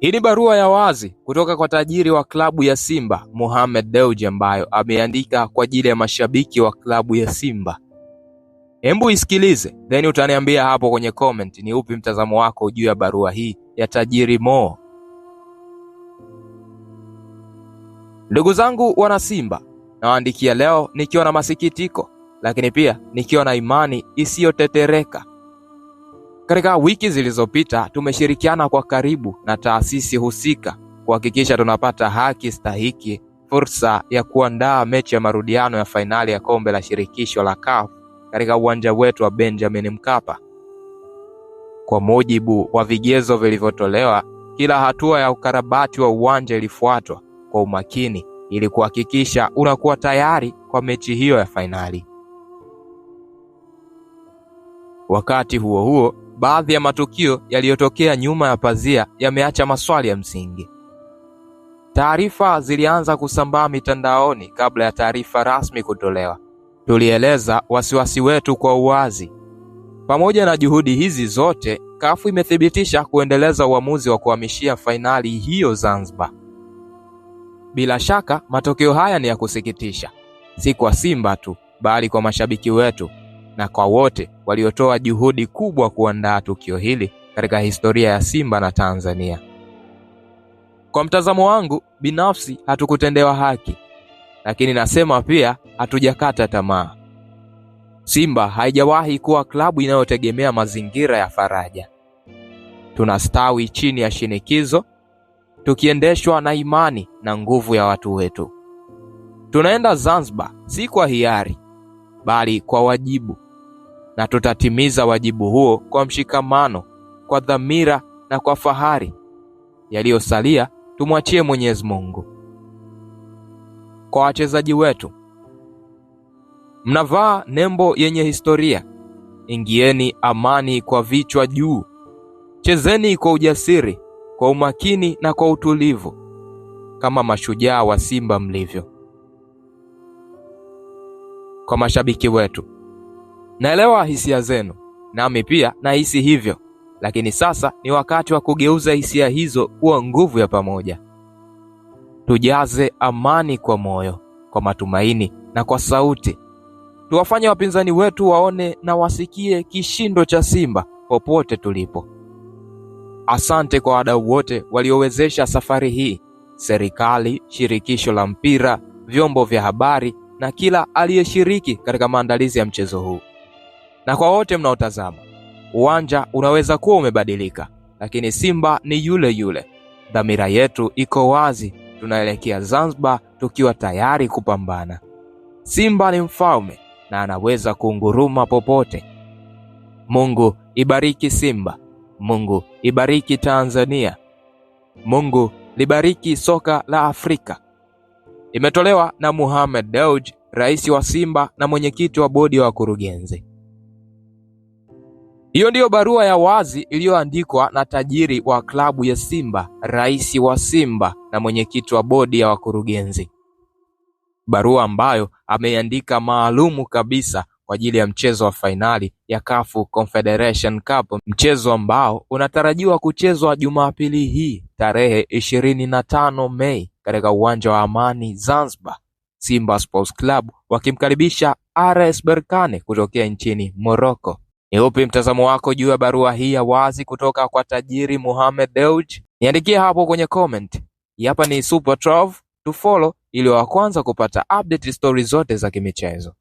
Hii ni barua ya wazi kutoka kwa tajiri wa klabu ya Simba Mohamed Dewji ambayo ameandika kwa ajili ya mashabiki wa klabu ya Simba. Hebu isikilize then utaniambia hapo kwenye comment ni upi mtazamo wako juu ya barua hii ya tajiri Mo. Ndugu zangu wana Simba, nawaandikia leo nikiwa na masikitiko, lakini pia nikiwa na imani isiyotetereka katika wiki zilizopita tumeshirikiana kwa karibu na taasisi husika kuhakikisha tunapata haki stahiki, fursa ya kuandaa mechi ya marudiano ya fainali ya kombe la shirikisho la CAF katika uwanja wetu wa Benjamin Mkapa. Kwa mujibu wa vigezo vilivyotolewa, kila hatua ya ukarabati wa uwanja ilifuatwa kwa umakini ili kuhakikisha unakuwa tayari kwa mechi hiyo ya fainali. Wakati huo huo baadhi ya matukio yaliyotokea nyuma ya pazia yameacha maswali ya msingi. Taarifa zilianza kusambaa mitandaoni kabla ya taarifa rasmi kutolewa. Tulieleza wasiwasi wetu kwa uwazi. Pamoja na juhudi hizi zote, Kafu imethibitisha kuendeleza uamuzi wa kuhamishia fainali hiyo Zanzibar. Bila shaka matokeo haya ni ya kusikitisha, si kwa Simba tu, bali kwa mashabiki wetu na kwa wote waliotoa juhudi kubwa kuandaa tukio hili katika historia ya Simba na Tanzania. Kwa mtazamo wangu binafsi, hatukutendewa haki, lakini nasema pia hatujakata tamaa. Simba haijawahi kuwa klabu inayotegemea mazingira ya faraja. Tunastawi chini ya shinikizo, tukiendeshwa na imani na nguvu ya watu wetu. Tunaenda Zanzibar si kwa hiari, bali kwa wajibu na tutatimiza wajibu huo kwa mshikamano, kwa dhamira na kwa fahari. Yaliyosalia tumwachie Mwenyezi Mungu. Kwa wachezaji wetu, mnavaa nembo yenye historia. Ingieni amani kwa vichwa juu. Chezeni kwa ujasiri, kwa umakini na kwa utulivu, kama mashujaa wa Simba mlivyo. Kwa mashabiki wetu Naelewa hisia zenu, nami pia nahisi hivyo, lakini sasa ni wakati wa kugeuza hisia hizo kuwa nguvu ya pamoja. Tujaze amani kwa moyo, kwa matumaini na kwa sauti. Tuwafanye wapinzani wetu waone na wasikie kishindo cha Simba popote tulipo. Asante kwa wadau wote waliowezesha safari hii: serikali, shirikisho la mpira, vyombo vya habari na kila aliyeshiriki katika maandalizi ya mchezo huu na kwa wote mnaotazama, uwanja unaweza kuwa umebadilika, lakini Simba ni yule yule. Dhamira yetu iko wazi, tunaelekea Zanzibar tukiwa tayari kupambana. Simba ni mfalme na anaweza kunguruma popote. Mungu ibariki Simba, Mungu ibariki Tanzania, Mungu libariki soka la Afrika. Imetolewa na Mohamed Dewji, rais wa Simba na mwenyekiti wa bodi ya wa wakurugenzi. Hiyo ndiyo barua ya wazi iliyoandikwa na tajiri wa klabu ya Simba, rais wa Simba na mwenyekiti wa bodi ya wakurugenzi, barua ambayo ameandika maalumu kabisa kwa ajili ya mchezo wa fainali ya Kafu Confederation Cup, mchezo ambao unatarajiwa kuchezwa Jumapili hii tarehe 25 Mei katika uwanja wa Amani Zanzibar. Simba Sports Club wakimkaribisha RS Berkane kutokea nchini Morocco. Ni upi mtazamo wako juu ya barua hii ya wazi kutoka kwa tajiri Mohamed Dewji? Niandikie hapo kwenye comment. Hapa ni Super 12 to follow ili wa kwanza kupata update stori zote za kimichezo.